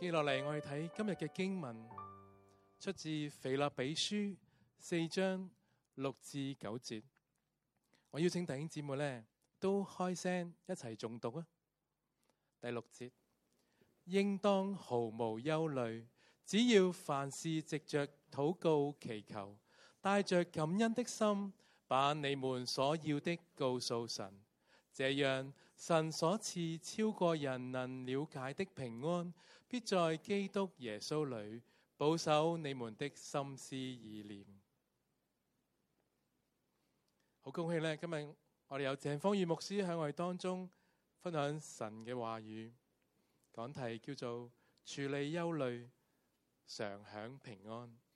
接落嚟，我哋睇今日嘅經文，出自腓立比書四章六至九節。我邀請弟兄姊妹咧都開聲一齊誦讀啊！第六節，應當毫無憂慮，只要凡事藉着禱告祈求，帶着感恩的心，把你們所要的告訴神，這樣。神所賜超過人能了解的平安，必在基督耶穌裏保守你們的心思意念。好，恭喜咧！今日我哋有鄭芳宇牧師喺我哋當中分享神嘅話語，講題叫做處理憂慮，常享平安。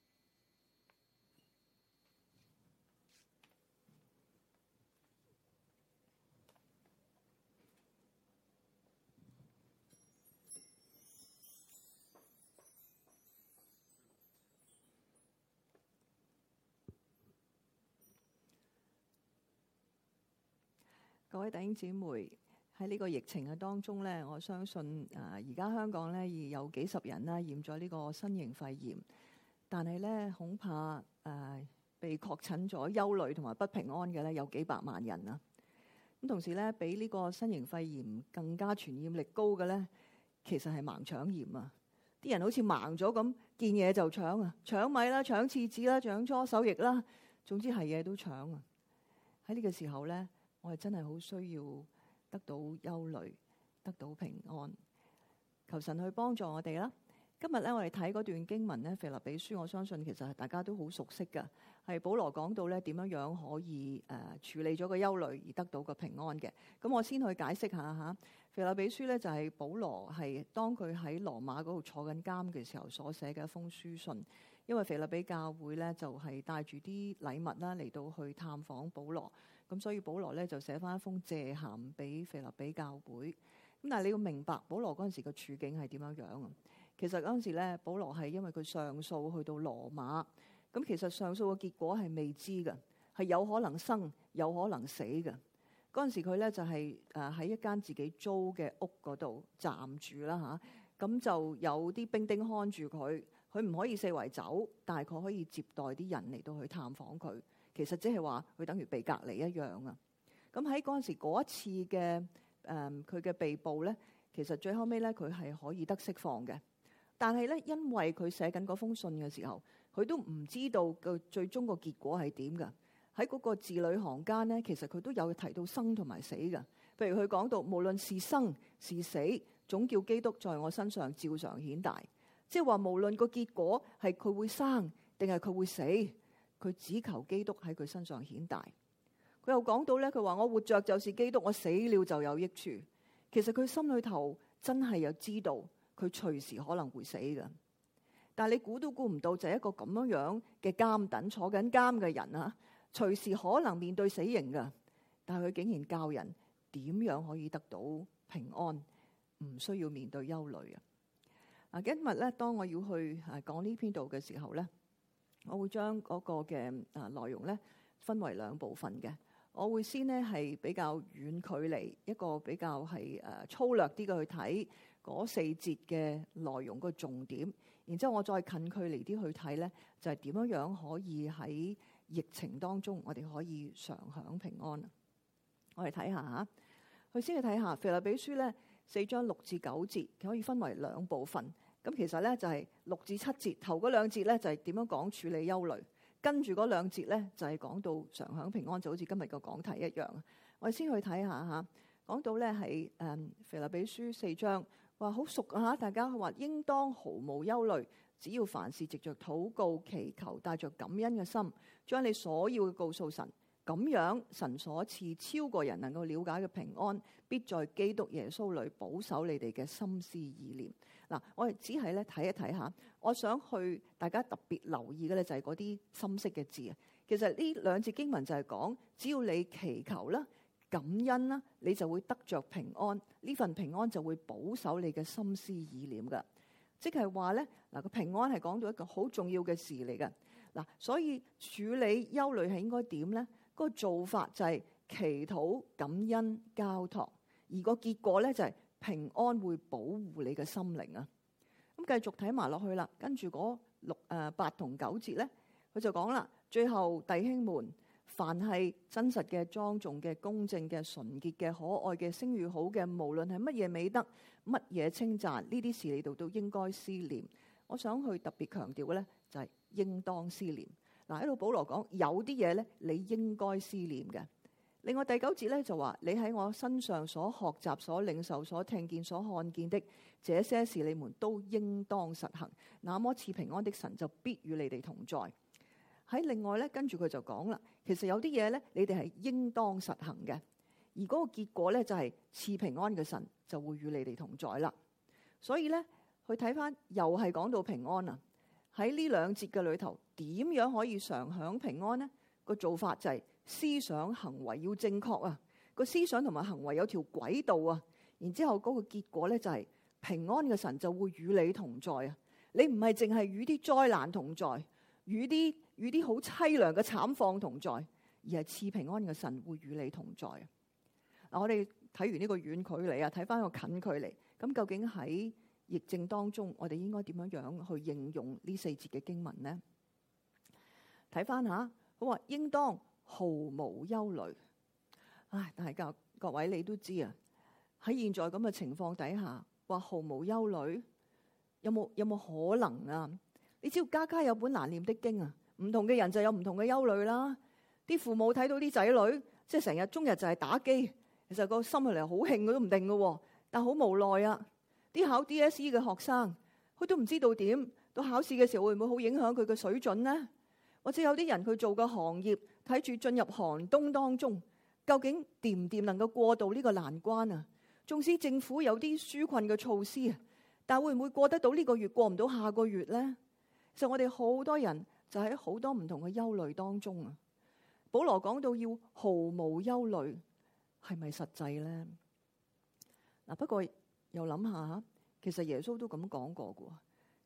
各位弟兄姊妹喺呢個疫情嘅當中咧，我相信啊，而家香港咧已有幾十人啦驗咗呢個新型肺炎，但係咧恐怕誒、啊、被確診咗、憂慮同埋不平安嘅咧有幾百萬人啊。咁同時咧，比呢個新型肺炎更加傳染力高嘅咧，其實係盲搶炎啊！啲人好似盲咗咁，見嘢就搶啊，搶米啦，搶廁紙啦，搶搓手液啦，總之係嘢都搶啊！喺呢個時候咧。我係真係好需要得到憂慮，得到平安。求神去幫助我哋啦。今日咧，我哋睇嗰段經文咧，《腓立比書》，我相信其實係大家都好熟悉噶。係保羅講到咧，點樣樣可以誒、呃、處理咗個憂慮而得到個平安嘅？咁我先去解釋一下吓，《腓立比書呢》咧就係、是、保羅係當佢喺羅馬嗰度坐緊監嘅時候所寫嘅一封書信。因為腓立比教會咧就係、是、帶住啲禮物啦嚟，到去探訪保羅。咁所以保羅咧就寫翻一封謝函俾腓立比教會。咁但係你要明白，保羅嗰陣時個處境係點樣樣啊？其實嗰陣時咧，保羅係因為佢上訴去到羅馬，咁其實上訴嘅結果係未知嘅，係有可能生有可能死嘅。嗰陣時佢咧就係、誒、喺一間自己租嘅屋嗰度站住啦吓，咁、啊、就有啲兵丁看住佢，佢唔可以四圍走，大概可以接待啲人嚟到去探訪佢。其實即係話佢等於被隔離一樣啊！咁喺嗰陣時嗰一次嘅誒佢嘅被捕咧，其實最後尾咧佢係可以得釋放嘅。但係咧，因為佢寫緊嗰封信嘅時候，佢都唔知道個最終個結果係點㗎。喺嗰個字裏行間咧，其實佢都有提到生同埋死㗎。譬如佢講到無論是生是死，總叫基督在我身上照常顯大，即係話無論個結果係佢會生定係佢會死。佢只求基督喺佢身上顯大，佢又講到咧，佢話，我活着就是基督，我死了就有益處。其實佢心裏頭真係有知道佢隨時可能會死嘅，但係你估都估唔到，就係一個咁樣樣嘅監躉，坐緊監嘅人啊，隨時可能面對死刑嘅，但係佢竟然教人點樣可以得到平安，唔需要面對憂慮啊。今日咧，當我要去講呢篇道嘅時候咧，我會將嗰個嘅啊內容咧，分為兩部分嘅。我會先咧係比較遠距離一個比較係誒粗略啲嘅去睇嗰四節嘅內容個重點，然之後我再近距離啲去睇咧，就係點樣樣可以喺疫情當中我哋可以常享平安。我哋睇下嚇，我先去睇下腓立比書咧四章六至九節，佢可以分為兩部分。咁其實咧就係、是、六至七節頭嗰兩節咧就係、是、點樣講處理憂慮，跟住嗰兩節咧就係、是、講到常享平安，就好似今日個講題一樣。我哋先去睇下吓，講到咧係誒腓立比書四章，話好熟啊吓，大家話應當毫無憂慮，只要凡事藉着禱告祈求，帶着感恩嘅心，將你所要嘅告訴神，咁樣，神所賜超過人能夠了解嘅平安，必在基督耶穌裏保守你哋嘅心思意念。嗱，我係只係咧睇一睇下，我想去大家特別留意嘅咧就係嗰啲深色嘅字啊。其實呢兩節經文就係講，只要你祈求啦、感恩啦，你就會得着平安。呢份平安就會保守你嘅心思意念嘅，即係話咧嗱，個平安係講到一個好重要嘅事嚟嘅嗱。所以處理憂慮係應該點咧？嗰、那個做法就係祈禱、感恩、交託。而個結果咧就係、是，平安會保護你嘅心靈啊！咁繼續睇埋落去啦，跟住嗰六誒、呃、八同九節咧，佢就講啦。最後弟兄們，凡係真實嘅、莊重嘅、公正嘅、純潔嘅、可愛嘅、聲譽好嘅，無論係乜嘢美德、乜嘢稱讚，呢啲事你度都應該思念。我想去特別強調嘅咧，就係應當思念。嗱，喺度，保羅講有啲嘢咧，你應該思念嘅。另外第九節咧就話，你喺我身上所學習、所領受、所聽見、所看見的這些事，你們都應當實行。那麼賜平安的神就必與你哋同在。喺另外咧，跟住佢就講啦，其實有啲嘢咧，你哋係應當實行嘅，而嗰個結果咧就係賜平安嘅神就會與你哋同在啦。所以咧，去睇翻又係講到平安啊！喺呢兩節嘅裏頭，點樣可以常享平安呢？個做法就係。思想行為要正確啊！個思想同埋行為有條軌道啊！然之後嗰個結果咧就係、是、平安嘅神就會與你同在啊！你唔係淨係與啲災難同在，與啲與啲好淒涼嘅慘況同在，而係賜平安嘅神會與你同在啊！嗱、嗯，我哋睇完呢個遠距離啊，睇翻個近距離，咁究竟喺疫症當中，我哋應該點樣樣去應用呢四節嘅經文咧？睇翻嚇，我話，應當。毫無憂慮，唉！但係大家各位，你都知啊，喺現在咁嘅情況底下，話毫無憂慮，有冇有冇可能啊？你知家家有本難念的經啊，唔同嘅人就有唔同嘅憂慮啦。啲父母睇到啲仔女即係成日中日就係打機，其實個心入嚟好慶，佢都唔定喎。但好無奈啊。啲考 DSE 嘅學生，佢都唔知道點到考試嘅時候會唔會好影響佢嘅水準呢？或者有啲人佢做嘅行業，睇住進入寒冬當中，究竟掂唔掂能夠過到呢個難關啊？縱使政府有啲紓困嘅措施，但會唔會過得到呢個月，過唔到下個月咧？就我哋好多人就喺好多唔同嘅憂慮當中啊！保羅講到要毫無憂慮，係咪實際咧？嗱，不過又諗下，其實耶穌都咁講過噶。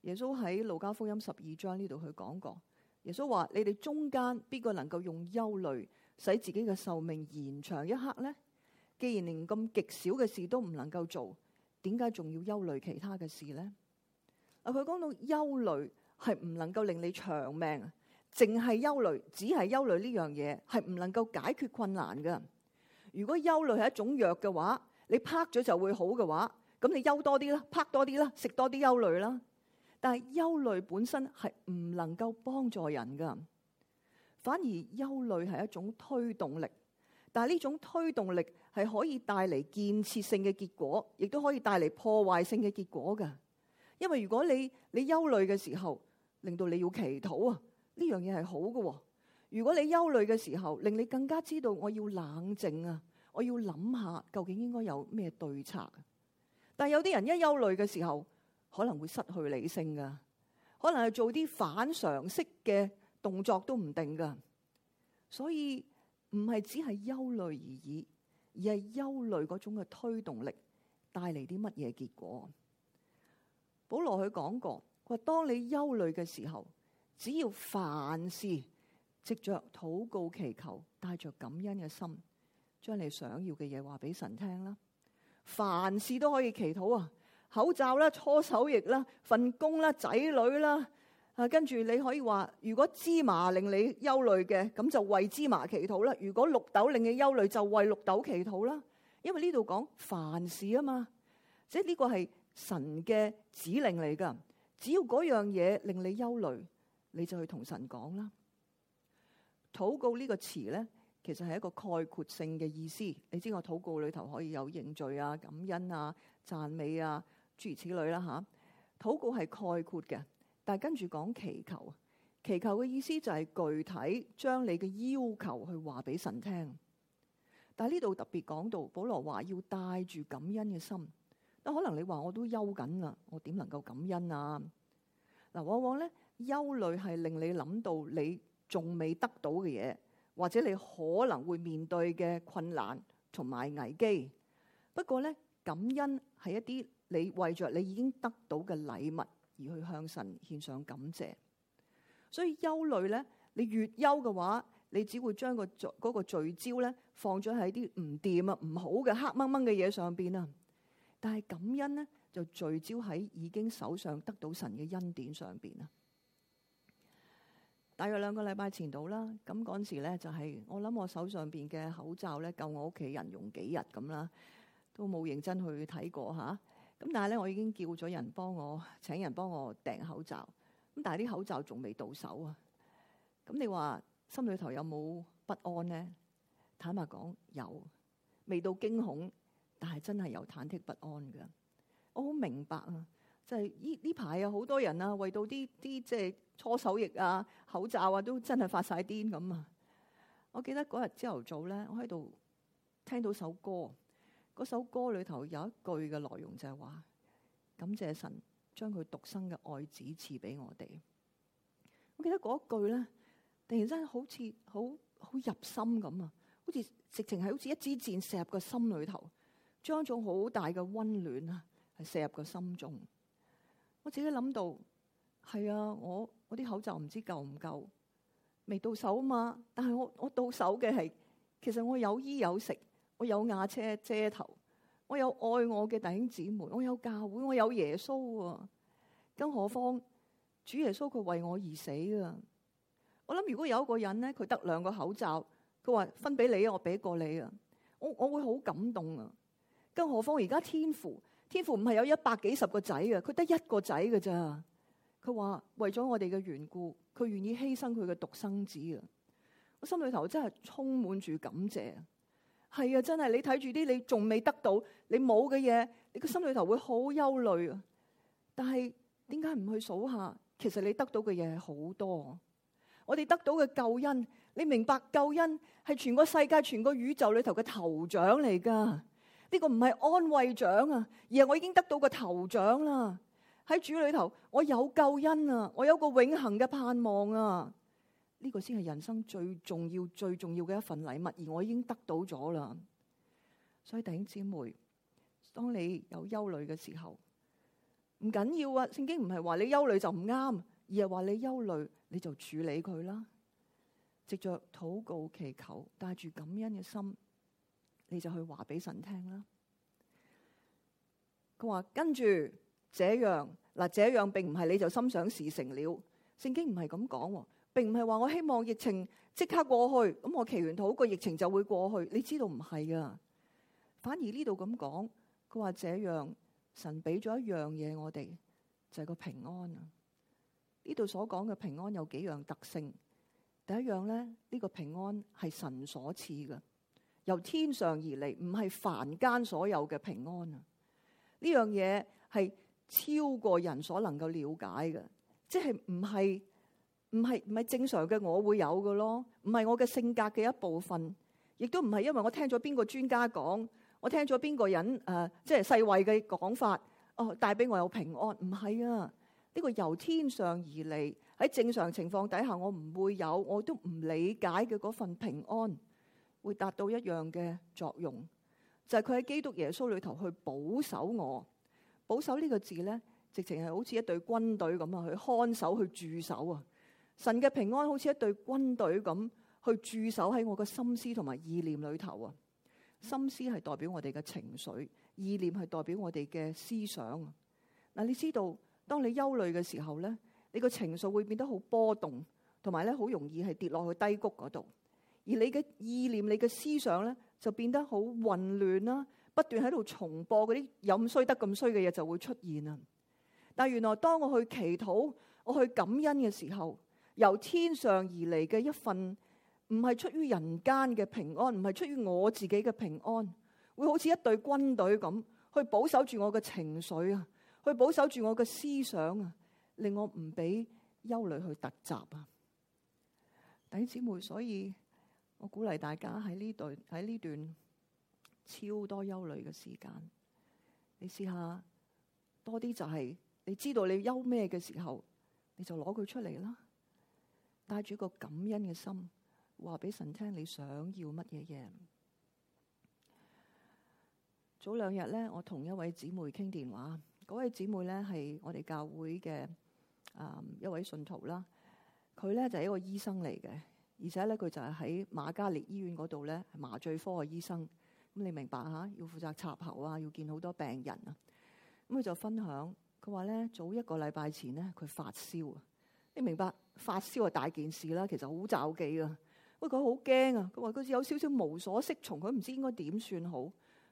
耶穌喺路加福音十二章呢度去講過。耶穌話：，你哋中間邊個能夠用憂慮使自己嘅壽命延長一刻咧？既然連咁極少嘅事都唔能夠做，點解仲要憂慮其他嘅事咧？嗱、啊，佢講到憂慮係唔能夠令你長命，淨係憂慮，只係憂慮呢樣嘢係唔能夠解決困難噶。如果憂慮係一種藥嘅話，你 p 咗就會好嘅話，咁你憂多啲啦 p 多啲啦，食多啲憂慮啦。但係憂慮本身係唔能夠幫助人噶，反而憂慮係一種推動力。但係呢種推動力係可以帶嚟建設性嘅結果，亦都可以帶嚟破壞性嘅結果噶。因為如果你你憂慮嘅時候，令到你要祈禱啊，呢樣嘢係好嘅啊。如果你憂慮嘅時候，令你更加知道我要冷靜啊，我要諗下究竟應該有咩對策啊。但係有啲人一憂慮嘅時候，可能會失去理性噶，可能係做啲反常識嘅動作都唔定噶，所以唔係只係憂慮而已，而係憂慮嗰種嘅推動力帶嚟啲乜嘢結果？保羅佢講過，話當你憂慮嘅時候，只要凡事藉着禱告祈求，帶着感恩嘅心，將你想要嘅嘢話俾神聽啦，凡事都可以祈禱啊。口罩啦、搓手液啦、份工啦、仔女啦，啊，跟住你可以話：如果芝麻令你憂慮嘅，咁就為芝麻祈禱啦；如果綠豆令你憂慮，就為綠豆祈禱啦。因為呢度講凡事啊嘛，即係呢個係神嘅指令嚟噶。只要嗰樣嘢令你憂慮，你就去同神講啦。禱告呢個詞咧，其實係一個概括性嘅意思。你知道我禱告裏頭可以有認罪啊、感恩啊、讚美啊。諸如此類啦，吓、啊、禱告係概括嘅，但係跟住講祈求，祈求嘅意思就係具體將你嘅要求去話俾神聽。但係呢度特別講到保羅話要帶住感恩嘅心。那可能你話我都憂緊啦，我點能夠感恩啊？嗱，往往咧憂慮係令你諗到你仲未得到嘅嘢，或者你可能會面對嘅困難同埋危機。不過咧，感恩係一啲。你為着你已經得到嘅禮物而去向神獻上感謝，所以憂慮咧，你越憂嘅話，你只會將個聚嗰個聚焦咧放咗喺啲唔掂啊、唔好嘅黑掹掹嘅嘢上邊啊，但係感恩咧就聚焦喺已經手上得到神嘅恩典上邊啊。大約兩個禮拜前度啦，咁嗰陣時咧就係、是、我諗我手上邊嘅口罩咧夠我屋企人用幾日咁啦，都冇認真去睇過吓。咁但係咧，我已經叫咗人幫我請人幫我訂口罩。咁但係啲口罩仲未到手啊！咁你話心裏頭有冇不安咧？坦白講，有。未到驚恐，但係真係有忐忑不安㗎。我好明白啊！就係呢排啊，好多人啊，為到啲啲即係搓手液啊、口罩啊，都真係發晒癲咁啊！我記得嗰日朝頭早咧，我喺度聽到首歌。嗰首歌裏頭有一句嘅內容就係話，感謝神將佢獨生嘅愛子賜俾我哋。我記得嗰一句咧，突然間好似好好入心咁啊，好似直情係好似一支箭射入個心裏頭，將一種好大嘅溫暖啊，係射入個心中。我自己諗到，係啊，我我啲口罩唔知夠唔夠，未到手啊嘛，但係我我到手嘅係，其實我有衣有食。我有瓦車遮頭，我有愛我嘅弟兄姊妹，我有教會，我有耶穌啊！更何況主耶穌佢為我而死啊！我諗如果有一個人咧，佢得兩個口罩，佢話分俾你，我俾過你啊！我我會好感動啊！更何況而家天父，天父唔係有一百幾十個仔啊，佢得一個仔噶咋？佢話為咗我哋嘅緣故，佢願意犧牲佢嘅獨生子啊！我心裏頭真係充滿住感謝。係啊，真係你睇住啲你仲未得到，你冇嘅嘢，你個心裏頭會好憂慮啊！但係點解唔去數下？其實你得到嘅嘢好多。我哋得到嘅救恩，你明白救恩係全個世界，全個宇宙裏頭嘅頭獎嚟噶。呢個唔係安慰獎啊，而係我已經得到個頭獎啦。喺主裏頭，我有救恩啊，我有個永恆嘅盼望啊。呢個先係人生最重要、最重要嘅一份禮物，而我已經得到咗啦。所以弟兄姊妹，當你有憂慮嘅時候，唔緊要啊！聖經唔係話你憂慮就唔啱，而係話你憂慮你就處理佢啦。藉着禱告祈求，帶住感恩嘅心，你就去話俾神聽啦。佢話跟住，這樣，嗱，這樣並唔係你就心想事成了。聖經唔係咁講。並唔係話我希望疫情即刻過去，咁我祈願到個疫情就會過去。你知道唔係噶，反而呢度咁講，佢話這樣神俾咗一樣嘢我哋，就係、是、個平安啊。呢度所講嘅平安有幾樣特性，第一樣咧，呢、這個平安係神所賜嘅，由天上而嚟，唔係凡間所有嘅平安啊。呢樣嘢係超過人所能夠了解嘅，即係唔係。唔係唔係正常嘅，我會有嘅咯。唔係我嘅性格嘅一部分，亦都唔係因為我聽咗邊個專家講，我聽咗邊個人誒、呃，即係世衛嘅講法哦，帶俾我有平安。唔係啊，呢、這個由天上而嚟，喺正常情況底下，我唔會有，我都唔理解嘅嗰份平安會達到一樣嘅作用，就係佢喺基督耶穌裏頭去保守我。保守呢個字咧，直情係好似一隊軍隊咁啊，去看守、去駐守啊。神嘅平安好似一隊軍隊咁，去駐守喺我嘅心思同埋意念裏頭啊！心思係代表我哋嘅情緒，意念係代表我哋嘅思想啊。嗱，你知道當你憂慮嘅時候咧，你個情緒會變得好波動，同埋咧好容易係跌落去低谷嗰度。而你嘅意念、你嘅思想咧，就變得好混亂啦，不斷喺度重播嗰啲咁衰得咁衰嘅嘢就會出現啊！但原來當我去祈禱、我去感恩嘅時候，由天上而嚟嘅一份，唔係出於人間嘅平安，唔係出於我自己嘅平安，會好似一隊軍隊咁去保守住我嘅情緒啊，去保守住我嘅思想啊，令我唔俾憂慮去突襲啊，弟兄姊妹，所以我鼓勵大家喺呢段喺呢段超多憂慮嘅時間，你試下多啲就係、是、你知道你憂咩嘅時候，你就攞佢出嚟啦。帶住一個感恩嘅心，話俾神聽你想要乜嘢嘢。早兩日咧，我同一位姊妹傾電話，嗰位姊妹咧係我哋教會嘅啊、嗯、一位信徒啦。佢咧就係、是、一個醫生嚟嘅，而且咧佢就係喺瑪嘉烈醫院嗰度咧麻醉科嘅醫生。咁你明白吓？要負責插喉啊，要見好多病人啊。咁佢就分享，佢話咧早一個禮拜前咧佢發燒啊。你明白發燒係大件事啦，其實好罩忌噶。喂，佢好驚啊！佢話佢有少少無所適從，佢唔知應該點算好。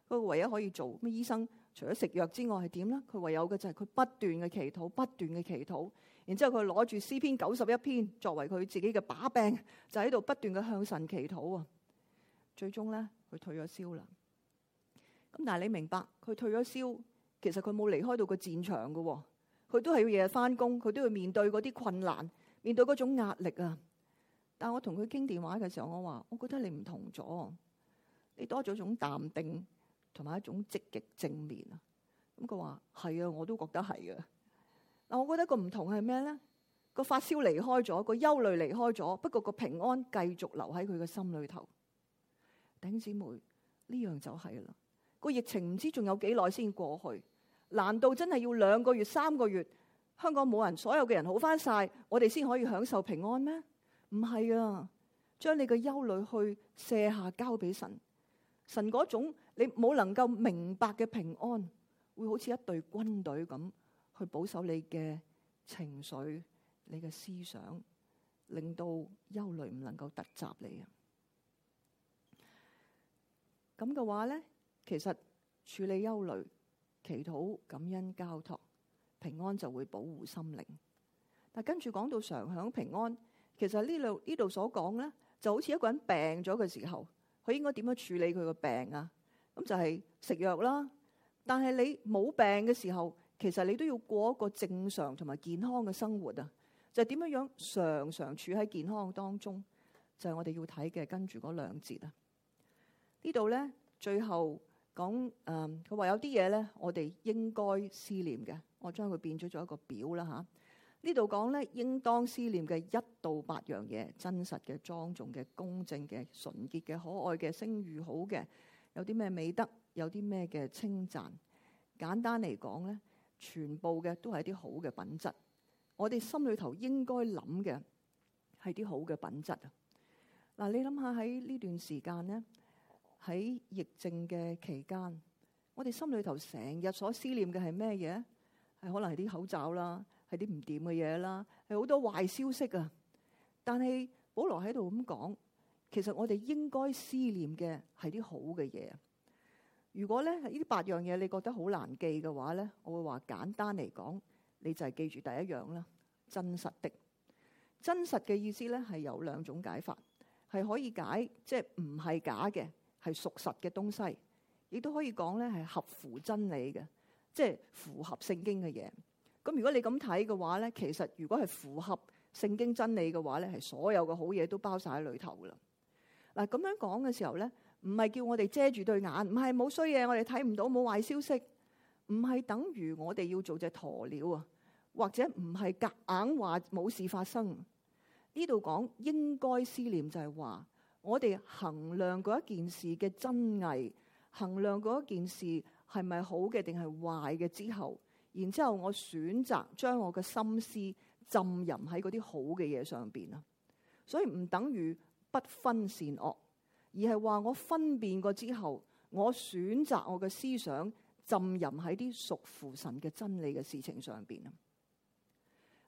佢唯一可以做咩？醫生除咗食藥之外係點咧？佢唯有嘅就係佢不斷嘅祈禱，不斷嘅祈禱。然之後佢攞住詩篇九十一篇作為佢自己嘅把柄，就喺度不斷嘅向神祈禱啊！最終咧，佢退咗燒啦。咁但係你明白，佢退咗燒，其實佢冇離開到個戰場噶喎。佢都係要日日翻工，佢都要面對嗰啲困難，面對嗰種壓力啊！但係我同佢傾電話嘅時候，我話：我覺得你唔同咗，你多咗一種淡定同埋一種積極正面啊！咁佢話：係啊，我都覺得係啊！嗱，我覺得個唔同係咩咧？個發燒離開咗，個憂慮離開咗，不過個平安繼續留喺佢嘅心裡頭。頂姊妹，呢樣就係啦。個疫情唔知仲有幾耐先過去。難道真係要兩個月、三個月，香港冇人，所有嘅人好翻晒，我哋先可以享受平安咩？唔係啊，將你嘅憂慮去卸下交俾神，神嗰種你冇能夠明白嘅平安，會好似一隊軍隊咁去保守你嘅情緒、你嘅思想，令到憂慮唔能夠突襲你啊！咁嘅話咧，其實處理憂慮。祈禱、感恩、交託、平安，就會保護心靈。但跟住講到常享平安，其實呢度呢度所講咧，就好似一個人病咗嘅時候，佢應該點樣處理佢個病啊？咁就係食藥啦。但係你冇病嘅時候，其實你都要過一個正常同埋健康嘅生活啊！就點樣樣常常處喺健康當中，就係我哋要睇嘅。跟住嗰兩節啊，呢度咧最後。講誒，佢、呃、話有啲嘢咧，我哋應該思念嘅。我將佢變咗做一個表啦，吓。啊、這裏說呢度講咧，應當思念嘅一到八樣嘢，真實嘅、莊重嘅、公正嘅、純潔嘅、可愛嘅、聲譽好嘅，有啲咩美德，有啲咩嘅稱讚。簡單嚟講咧，全部嘅都係一啲好嘅品質。我哋心裏頭應該諗嘅係啲好嘅品質啊。嗱，你諗下喺呢段時間咧，喺疫症嘅期間，我哋心裏頭成日所思念嘅係咩嘢？係可能係啲口罩啦，係啲唔掂嘅嘢啦，係好多壞消息啊！但係保羅喺度咁講，其實我哋應該思念嘅係啲好嘅嘢。如果咧呢呢八樣嘢你覺得好難記嘅話咧，我會話簡單嚟講，你就係記住第一樣啦，真實的。真實嘅意思咧係有兩種解法，係可以解即係唔係假嘅。係屬實嘅東西，亦都可以講咧係合乎真理嘅，即係符合聖經嘅嘢。咁如果你咁睇嘅話咧，其實如果係符合聖經真理嘅話咧，係所有嘅好嘢都包晒喺裏頭噶啦。嗱，咁樣講嘅時候咧，唔係叫我哋遮住對眼，唔係冇衰嘢我哋睇唔到，冇壞消息，唔係等於我哋要做隻鴕鳥啊，或者唔係夾硬話冇事發生。呢度講應該思念就係話。我哋衡量嗰一件事嘅真偽，衡量嗰一件事係咪好嘅定係壞嘅之後，然之後我選擇將我嘅心思浸淫喺嗰啲好嘅嘢上邊啦。所以唔等於不分善惡，而係話我分辨過之後，我選擇我嘅思想浸淫喺啲屬乎神嘅真理嘅事情上邊啦。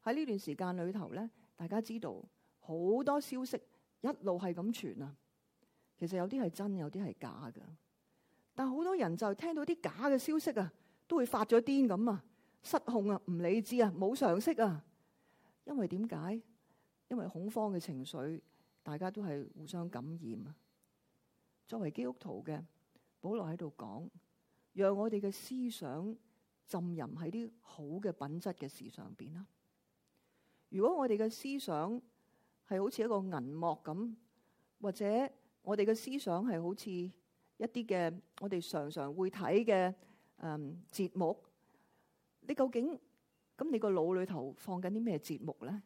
喺呢段時間裏頭咧，大家知道好多消息。一路係咁傳啊，其實有啲係真，有啲係假噶。但好多人就聽到啲假嘅消息啊，都會發咗癲咁啊，失控啊，唔理智啊，冇常識啊。因為點解？因為恐慌嘅情緒，大家都係互相感染啊。作為基督徒嘅保羅喺度講，讓我哋嘅思想浸淫喺啲好嘅品質嘅事上邊啦。如果我哋嘅思想，係好似一個銀幕咁，或者我哋嘅思想係好似一啲嘅我哋常常會睇嘅誒節目。你究竟咁你個腦裏頭放緊啲咩節目咧？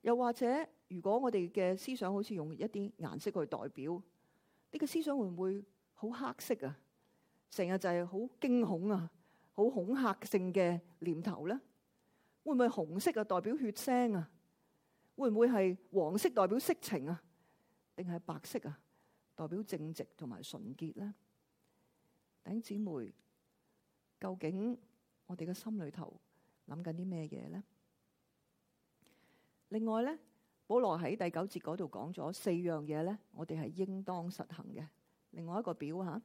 又或者如果我哋嘅思想好似用一啲顏色去代表，呢個思想會唔會好黑色啊？成日就係好驚恐啊，好恐嚇性嘅念頭咧？會唔會紅色啊代表血腥啊？會唔會係黃色代表色情啊？定係白色啊？代表正直同埋純潔咧？弟兄姊妹，究竟我哋嘅心裏頭諗緊啲咩嘢咧？另外咧，保羅喺第九節嗰度講咗四樣嘢咧，我哋係應當實行嘅。另外一個表吓，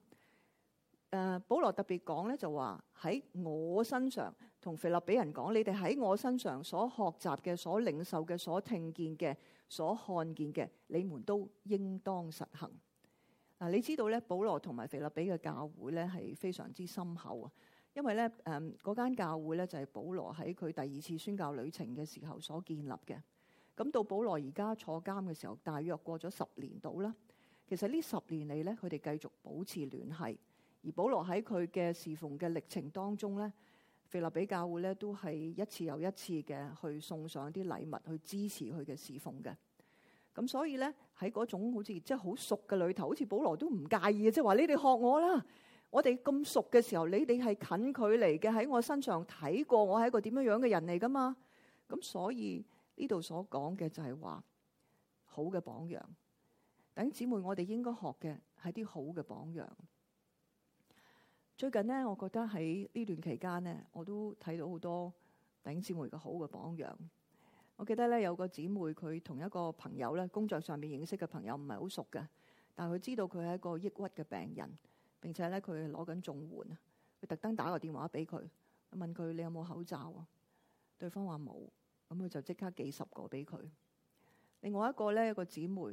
誒，保羅特別講咧就話喺我身上。同腓立比人講：你哋喺我身上所學習嘅、所領受嘅、所聽見嘅、所看見嘅，你們都應當實行嗱、啊。你知道咧，保羅同埋腓立比嘅教會咧係非常之深厚啊，因為咧誒嗰間教會咧就係、是、保羅喺佢第二次宣教旅程嘅時候所建立嘅。咁到保羅而家坐監嘅時候，大約過咗十年度啦。其實呢十年嚟咧，佢哋繼續保持聯繫，而保羅喺佢嘅侍奉嘅歷程當中咧。腓立比教會咧都係一次又一次嘅去送上一啲禮物去支持佢嘅侍奉嘅，咁所以咧喺嗰種好似即係好熟嘅裏頭，好似保羅都唔介意嘅，即係話你哋學我啦，我哋咁熟嘅時候，你哋係近距離嘅喺我身上睇過我係一個點樣樣嘅人嚟噶嘛，咁所以呢度所講嘅就係話好嘅榜樣，等姊妹我哋應該學嘅係啲好嘅榜樣。最近咧，我覺得喺呢段期間咧，我都睇到很多妹的好多頂姊妹嘅好嘅榜樣。我記得咧有個姊妹，佢同一個朋友咧，工作上面認識嘅朋友，唔係好熟嘅，但係佢知道佢係一個抑鬱嘅病人，並且咧佢攞緊綜援，佢特登打個電話俾佢，問佢你有冇口罩啊？對方話冇，咁佢就即刻寄十個俾佢。另外一個咧，個姊妹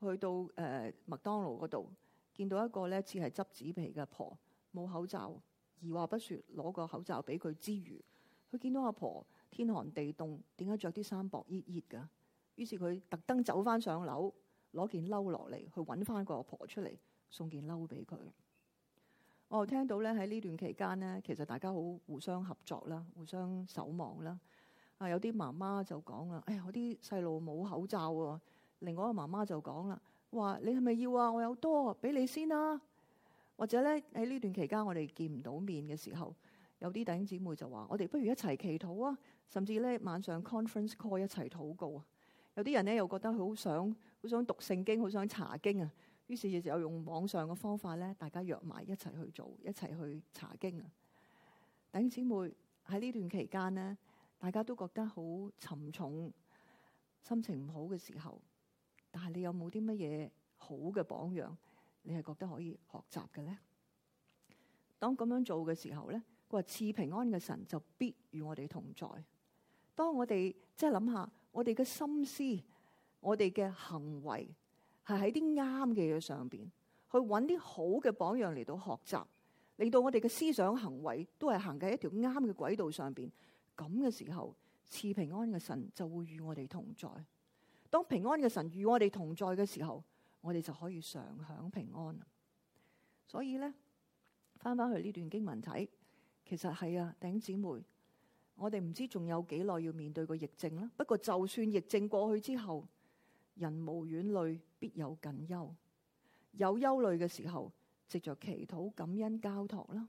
去到誒麥當勞嗰度，見到一個咧似係執紙皮嘅婆婆。冇口罩，二話不說攞個口罩俾佢之餘，佢見到阿婆天寒地凍，點解着啲衫薄熱熱㗎？於是佢特登走翻上樓攞件褸落嚟，去搵翻個阿婆出嚟送件褸俾佢。我、哦、又聽到咧喺呢段期間咧，其實大家好互相合作啦，互相守望啦。啊，有啲媽媽就講啦：「哎呀，我啲細路冇口罩啊。」另外一個媽媽就講啦：「話你係咪要啊？我有多，俾你先啦、啊。或者咧喺呢段期間，我哋見唔到面嘅時候，有啲弟兄姊妹就話：我哋不如一齊祈禱啊！甚至咧晚上 conference call 一齊禱告啊！有啲人咧又覺得佢好想好想讀聖經，好想查經啊！於是就用網上嘅方法咧，大家約埋一齊去做，一齊去查經啊！弟兄姊妹喺呢段期間咧，大家都覺得好沉重，心情唔好嘅時候，但係你有冇啲乜嘢好嘅榜樣？你係覺得可以學習嘅咧？當咁樣做嘅時候咧，佢話賜平安嘅神就必與我哋同在。當我哋即係諗下，我哋嘅心思、我哋嘅行為係喺啲啱嘅嘢上邊，去搵啲好嘅榜樣嚟到學習，令到我哋嘅思想行為都係行喺一條啱嘅軌道上邊。咁嘅時候，賜平安嘅神就會與我哋同在。當平安嘅神與我哋同在嘅時候，我哋就可以常享平安。所以咧，翻返去呢段經文睇，其實係啊，弟兄姊妹，我哋唔知仲有幾耐要面對個疫症啦。不過就算疫症過去之後，人無遠慮必有近憂，有憂慮嘅時候，藉着祈禱感恩交託啦，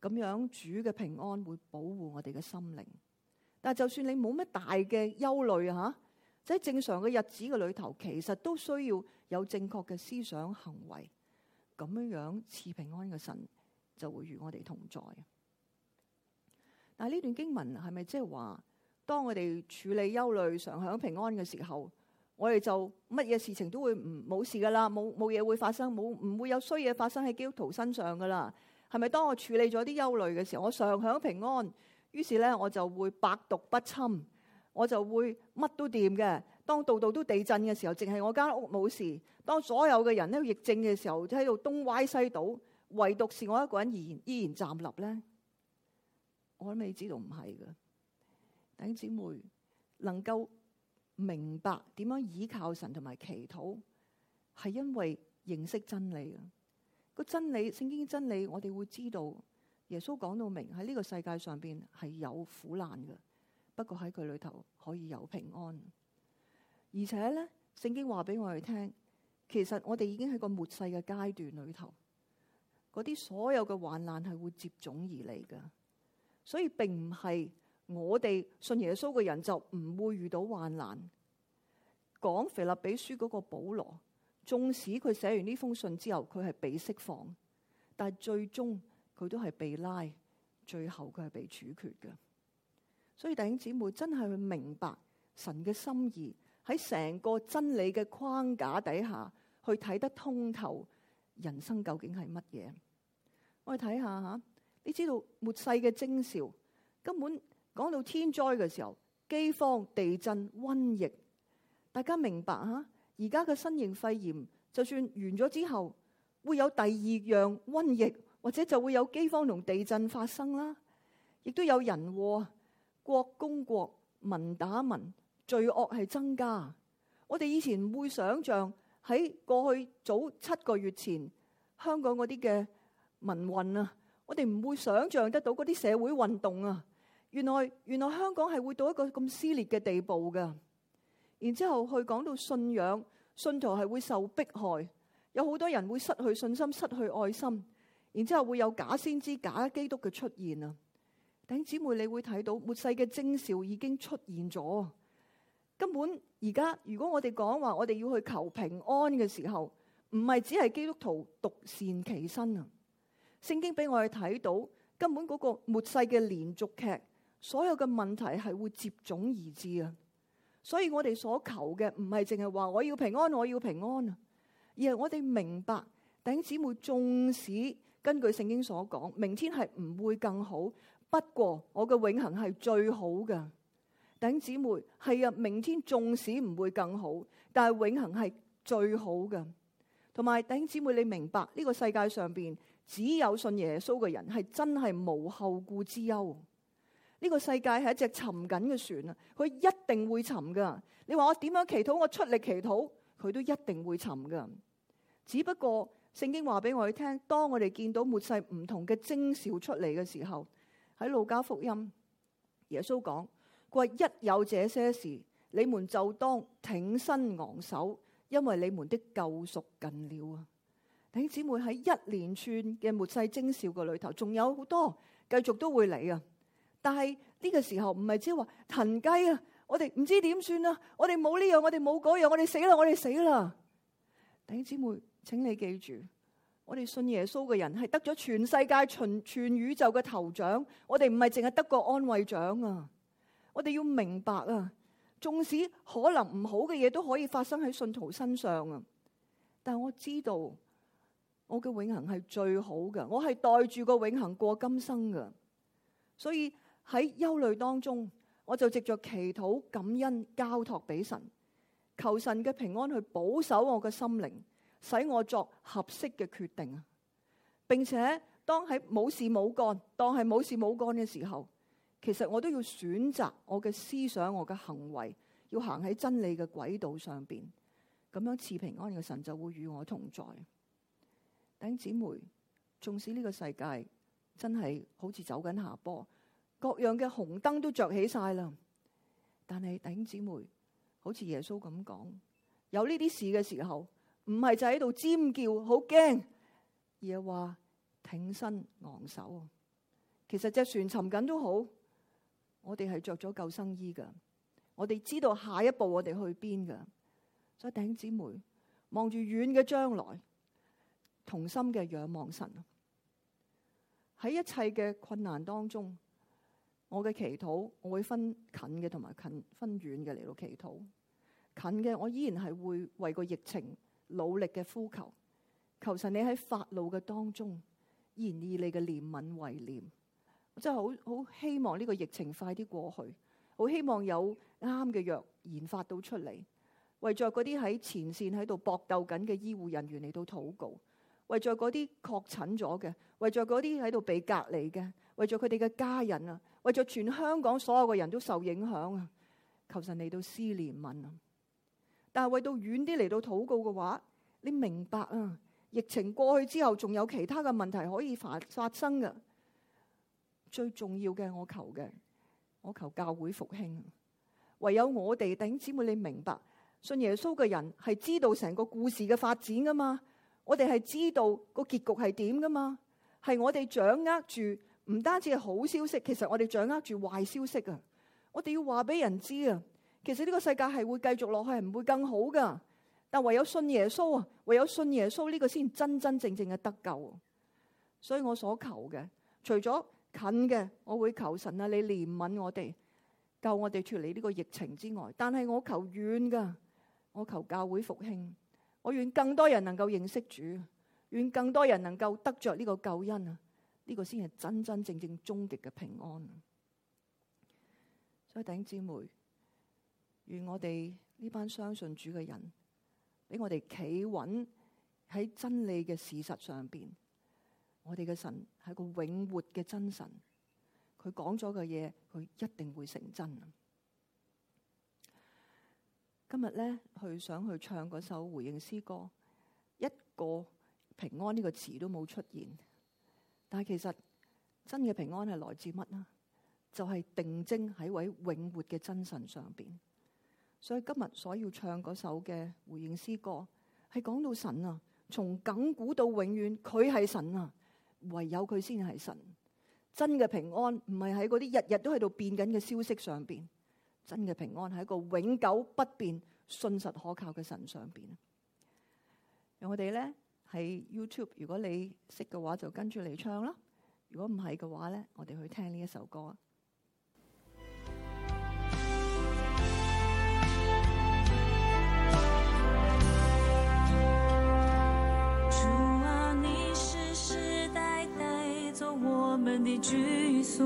咁樣主嘅平安會保護我哋嘅心靈。但係就算你冇乜大嘅憂慮嚇。喺正常嘅日子嘅裏頭，其實都需要有正確嘅思想行為，咁樣樣賜平安嘅神就會與我哋同在。但係呢段經文係咪即係話，當我哋處理憂慮、常享平安嘅時候，我哋就乜嘢事情都會唔冇事噶啦，冇冇嘢會發生，冇唔會有衰嘢發生喺基督徒身上噶啦？係咪當我處理咗啲憂慮嘅時候，我常享平安，於是咧我就會百毒不侵？我就會乜都掂嘅。當度度都地震嘅時候，淨係我間屋冇事。當所有嘅人喺度疫症嘅時候，就喺度東歪西倒，唯獨是我一個人依然依然站立咧。我都未知道唔係嘅，弟兄姊妹能夠明白點樣倚靠神同埋祈禱，係因為認識真理啊。個真理聖經真理，我哋會知道耶穌講到明喺呢個世界上邊係有苦難嘅。不過喺佢裏頭可以有平安，而且咧，聖經話俾我哋聽，其實我哋已經喺個末世嘅階段裏頭，嗰啲所有嘅患難係會接踵而嚟噶。所以並唔係我哋信耶穌嘅人就唔會遇到患難。講腓立比書嗰個保羅，縱使佢寫完呢封信之後，佢係被釋放，但係最終佢都係被拉，最後佢係被處決嘅。所以弟兄姊妹真係去明白神嘅心意，喺成個真理嘅框架底下去睇得通透，人生究竟係乜嘢？我哋睇下吓，你知道末世嘅徵兆根本講到天災嘅時候，饑荒、地震、瘟疫，大家明白吓。而家嘅新型肺炎就算完咗之後會有第二樣瘟疫，或者就會有饑荒同地震發生啦，亦都有人禍。國攻國，民打民，罪惡係增加。我哋以前唔會想象喺過去早七個月前香港嗰啲嘅民運啊，我哋唔會想象得到嗰啲社會運動啊。原來原來香港係會到一個咁撕裂嘅地步噶。然之後去講到信仰，信徒係會受迫害，有好多人會失去信心、失去愛心。然之後會有假先知、假基督嘅出現啊。弟姊妹，你會睇到末世嘅徵兆已經出現咗。根本而家，如果我哋講話，我哋要去求平安嘅時候，唔係只係基督徒獨善其身啊。聖經俾我哋睇到，根本嗰個末世嘅連續劇，所有嘅問題係會接踵而至啊。所以我哋所求嘅唔係淨係話我要平安，我要平安啊，而係我哋明白弟姊妹，縱使根據聖經所講，明天係唔會更好。不過我嘅永恒係最好嘅，弟兄姊妹係啊。明天縱使唔會更好，但係永恒係最好嘅。同埋弟兄姊妹，你明白呢個世界上面只有信耶穌嘅人係真係無後顧之憂。呢個世界係一隻沉緊嘅船啊，佢一定會沉噶。你話我點樣祈禱，我出力祈禱，佢都一定會沉噶。只不過聖經話俾我哋聽，當我哋見到末世唔同嘅徵兆出嚟嘅時候。喺《路加福音》，耶穌講：佢話一有這些事，你們就當挺身昂首，因為你們的救贖近了啊！弟兄姊妹喺一連串嘅末世徵兆嘅裏頭，仲有好多繼續都會嚟啊！但係呢個時候唔係只係話騰雞啊，我哋唔知點算啦，我哋冇呢樣，我哋冇嗰樣，我哋死啦，我哋死啦！弟兄姊妹，請你記住。我哋信耶穌嘅人係得咗全世界全全宇宙嘅頭獎，我哋唔係淨係得個安慰獎啊！我哋要明白啊，縱使可能唔好嘅嘢，都可以發生喺信徒身上啊，但係我知道我嘅永恒係最好噶，我係帶住個永恒過今生噶，所以喺憂慮當中，我就藉着祈禱、感恩、交託俾神，求神嘅平安去保守我嘅心靈。使我作合適嘅決定啊！並且當係冇事冇幹。當係冇事冇幹嘅時候，其實我都要選擇我嘅思想、我嘅行為，要行喺真理嘅軌道上邊，咁樣賜平安嘅神就會與我同在。弟兄姊妹，縱使呢個世界真係好似走緊下坡，各樣嘅紅燈都着起晒啦，但係弟兄姊妹，好似耶穌咁講，有呢啲事嘅時候，唔係就喺度尖叫，好驚，而係話挺身昂首。其實隻船沉緊都好，我哋係着咗救生衣噶，我哋知道下一步我哋去邊噶。所以弟兄姊妹望住遠嘅將來，同心嘅仰望神，喺一切嘅困難當中，我嘅祈禱我會分近嘅同埋近分遠嘅嚟到祈禱。近嘅我依然係會為個疫情。努力嘅呼求，求神你喺法老嘅當中，燃以你嘅憐憫為念。我真係好好希望呢個疫情快啲過去，好希望有啱嘅藥研發到出嚟。為咗嗰啲喺前線喺度搏鬥緊嘅醫護人員嚟到禱告，為咗嗰啲確診咗嘅，為咗嗰啲喺度被隔離嘅，為咗佢哋嘅家人啊，為咗全香港所有嘅人都受影響啊！求神嚟到施憐憫啊！但係為到遠啲嚟到禱告嘅話，你明白啊？疫情過去之後，仲有其他嘅問題可以發發生噶。最重要嘅，我求嘅，我求教會復興。唯有我哋弟兄姊妹，你明白？信耶穌嘅人係知道成個故事嘅發展噶嘛？我哋係知道個結局係點噶嘛？係我哋掌握住唔單止係好消息，其實我哋掌握住壞消息啊！我哋要話俾人知啊！其實呢個世界係會繼續落去，唔會更好噶。但唯有信耶穌啊，唯有信耶穌呢個先真真正正嘅得救。所以我所求嘅，除咗近嘅，我會求神啊，你憐憫我哋，救我哋處理呢個疫情之外，但係我求遠噶，我求教會復興，我願更多人能夠認識主，願更多人能夠得着呢個救恩啊，呢個先係真真正正終極嘅平安。所以弟兄姊妹。願我哋呢班相信主嘅人，俾我哋企穩喺真理嘅事實上邊。我哋嘅神係個永活嘅真神，佢講咗嘅嘢，佢一定會成真。今日咧，去想去唱嗰首回應詩歌，一個平安呢個詞都冇出現，但係其實真嘅平安係來自乜啦？就係、是、定睛喺位永活嘅真神上邊。所以今日所要唱嗰首嘅回應詩歌，係講到神啊，從亘古到永遠，佢係神啊，唯有佢先係神。真嘅平安唔係喺嗰啲日日都喺度變緊嘅消息上邊，真嘅平安喺一個永久不變、信實可靠嘅神上邊。我哋咧喺 YouTube，如果你識嘅話，就跟住嚟唱啦。如果唔係嘅話咧，我哋去聽呢一首歌。我們的居所，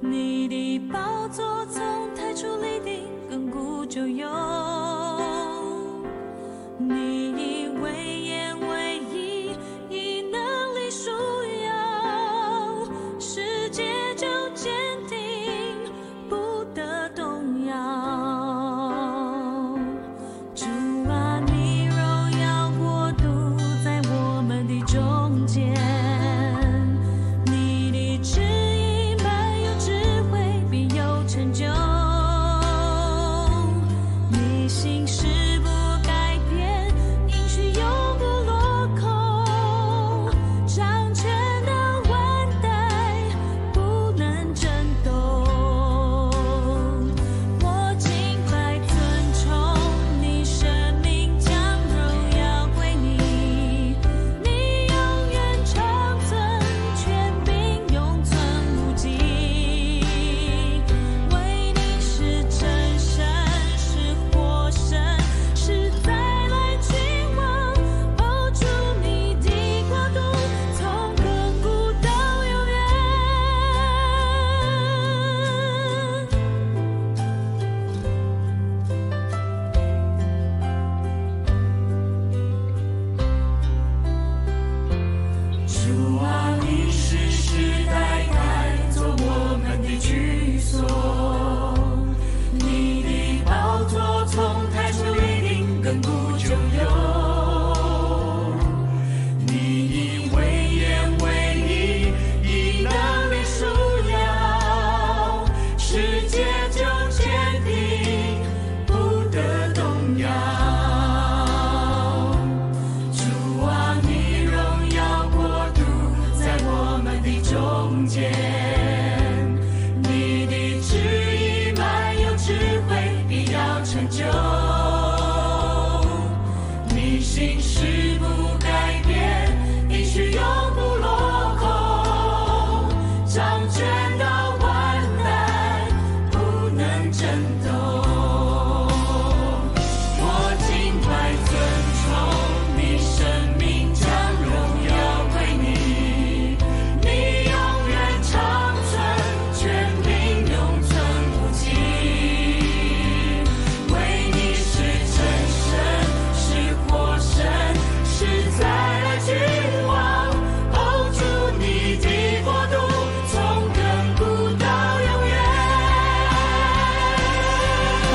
你的寶座，從太初立定，亘古就有。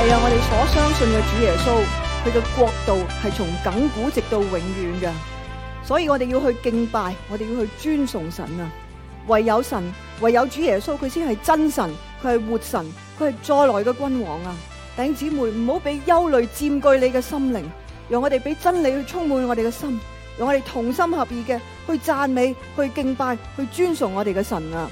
係啊！我哋所相信嘅主耶穌，佢嘅國度係從亙古直到永遠嘅，所以我哋要去敬拜，我哋要去尊崇神啊！唯有神，唯有主耶穌，佢先係真神，佢係活神，佢係再來嘅君王啊！弟兄姊妹，唔好俾憂慮佔據你嘅心靈，讓我哋俾真理去充滿我哋嘅心，讓我哋同心合意嘅去讚美、去敬拜、去尊崇我哋嘅神啊！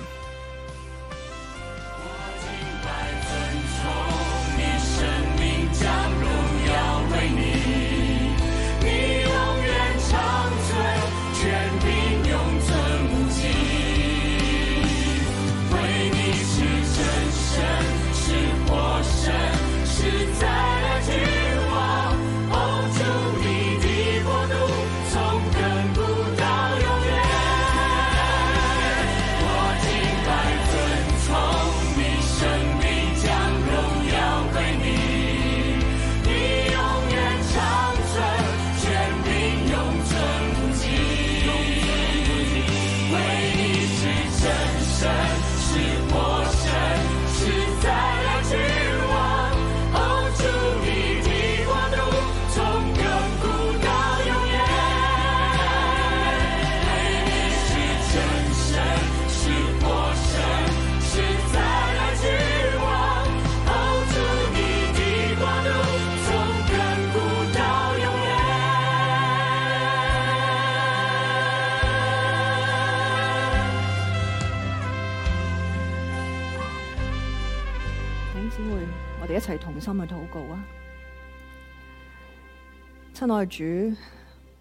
親愛的主，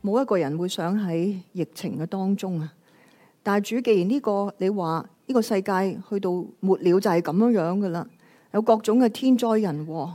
冇一個人會想喺疫情嘅當中啊！但係主，既然呢個你話呢個世界去到末了就係咁樣樣嘅啦，有各種嘅天災人禍，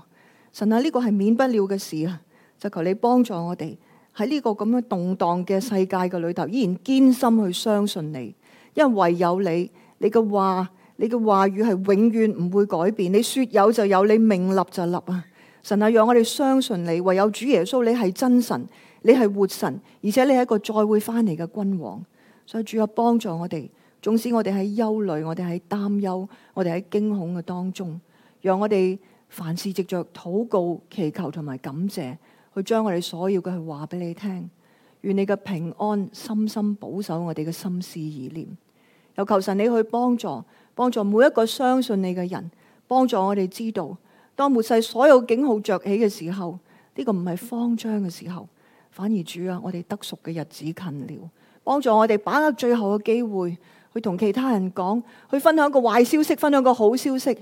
神啊，呢個係免不了嘅事啊！就求你幫助我哋喺呢個咁樣動蕩嘅世界嘅裏頭，依然堅心去相信你，因為唯有你，你嘅話，你嘅話語係永遠唔會改變，你說有就有，你命立就立啊！神啊，讓我哋相信你，唯有主耶穌，你係真神，你係活神，而且你係一個再會翻嚟嘅君王。所以主啊，幫助我哋，縱使我哋喺憂慮，我哋喺擔憂，我哋喺驚恐嘅當中，讓我哋凡事藉着禱告、祈求同埋感謝，去將我哋所有嘅去話俾你聽。願你嘅平安深深保守我哋嘅心思意念。又求神你去幫助，幫助每一個相信你嘅人，幫助我哋知道。當末世所有警號着起嘅時候，呢、這個唔係慌張嘅時候，反而主啊，我哋得贖嘅日子近了，幫助我哋把握最後嘅機會，去同其他人講，去分享個壞消息，分享個好消息，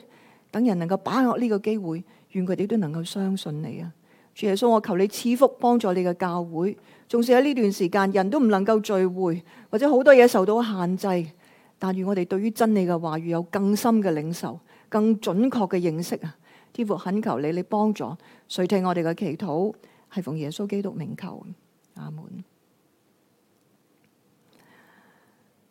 等人能夠把握呢個機會，願佢哋都能夠相信你啊！主耶穌，我求你賜福幫助你嘅教會，縱使喺呢段時間，人都唔能夠聚會，或者好多嘢受到限制，但願我哋對於真理嘅話語，越有更深嘅領受，更準確嘅認識啊！天父懇求你，你幫助，垂聽我哋嘅祈禱，係奉耶穌基督名求，阿門。